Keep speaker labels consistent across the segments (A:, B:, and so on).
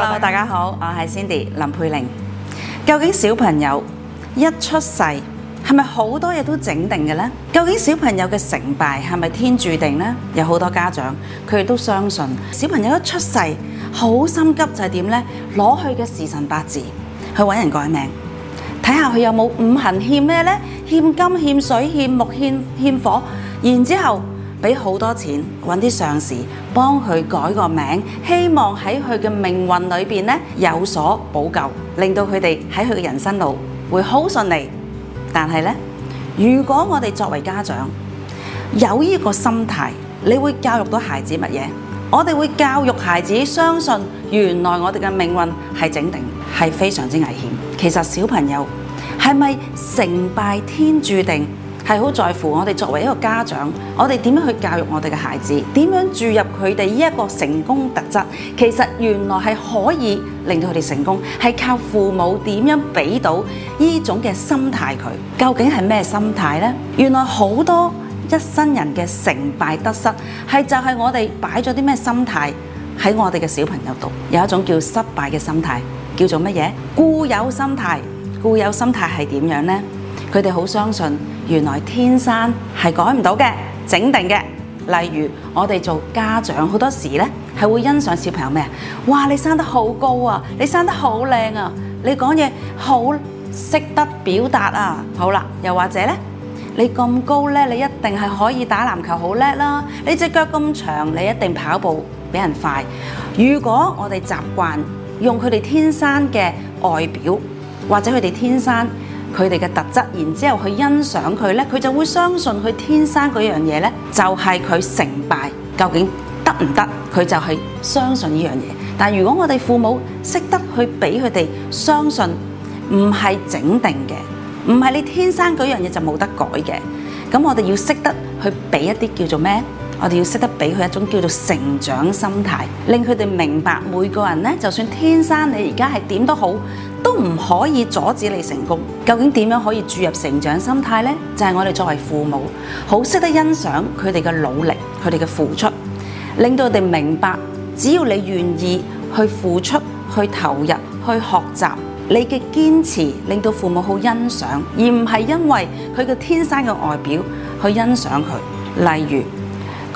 A: Hello 大家好，我係 Cindy 林佩玲。究竟小朋友一出世係咪好多嘢都整定嘅呢？究竟小朋友嘅成敗係咪天注定呢？有好多家長佢哋都相信小朋友一出世好心急就係點呢？攞去嘅時辰八字去搵人改名，睇下佢有冇有五行欠咩呢？欠金、欠水、欠木、欠欠火，然之後。俾好多錢，搵啲上司幫佢改個名，希望喺佢嘅命運裏面呢，有所補救，令到佢哋喺佢嘅人生路會好順利。但係呢，如果我哋作為家長有呢個心態，你會教育到孩子乜嘢？我哋會教育孩子相信，原來我哋嘅命運係整定，係非常之危險。其實小朋友係咪成敗天注定？係好在乎我哋作為一個家長，我哋點樣去教育我哋嘅孩子，點樣注入佢哋呢一個成功特質？其實原來係可以令到佢哋成功，係靠父母點樣畀到呢種嘅心態佢。究竟係咩心態呢？原來好多一生人嘅成敗得失，係就係我哋擺咗啲咩心態喺我哋嘅小朋友度。有一種叫失敗嘅心態，叫做乜嘢？固有心態。固有心態係點樣呢？佢哋好相信。原來天生係改唔到嘅，整定嘅。例如我哋做家長好多時咧，係會欣賞小朋友咩啊？哇！你生得好高啊，你生得好靚啊，你講嘢好識得表達啊。好啦，又或者咧，你咁高咧，你一定係可以打籃球好叻啦。你隻腳咁長，你一定跑步比人快。如果我哋習慣用佢哋天生嘅外表，或者佢哋天生。佢哋嘅特質，然之後去欣賞佢咧，佢就會相信佢天生嗰樣嘢咧，就係佢成敗究竟得唔得，佢就係相信呢樣嘢。但如果我哋父母識得去俾佢哋相信，唔係整定嘅，唔係你天生嗰樣嘢就冇得改嘅。咁我哋要識得去俾一啲叫做咩？我哋要識得俾佢一種叫做成長心態，令佢哋明白每個人咧，就算天生你而家係點都好。都唔可以阻止你成功。究竟點樣可以注入成長心態咧？就係我哋作為父母，好識得欣賞佢哋嘅努力，佢哋嘅付出，令到佢哋明白，只要你願意去付出、去投入、去學習，你嘅堅持令到父母好欣賞，而唔係因為佢嘅天生嘅外表去欣賞佢。例如。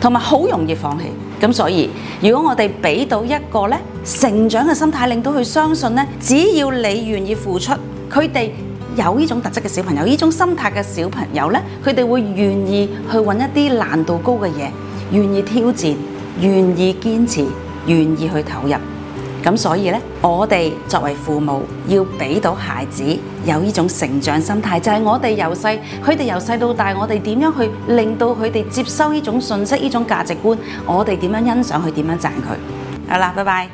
A: 同埋好容易放棄，咁所以如果我哋俾到一個成長嘅心態，令到佢相信，只要你願意付出，佢哋有呢種特質嘅小朋友，呢種心態嘅小朋友咧，佢哋會願意去搵一啲難度高嘅嘢，願意挑戰，願意堅持，願意去投入。咁所以呢，我哋作為父母要俾到孩子有呢種成長心態，就係我哋由細佢哋由細到大，我哋點樣去令到佢哋接收呢種信息，呢種價值觀，我哋點樣欣賞佢，點樣讚佢。好啦，拜拜。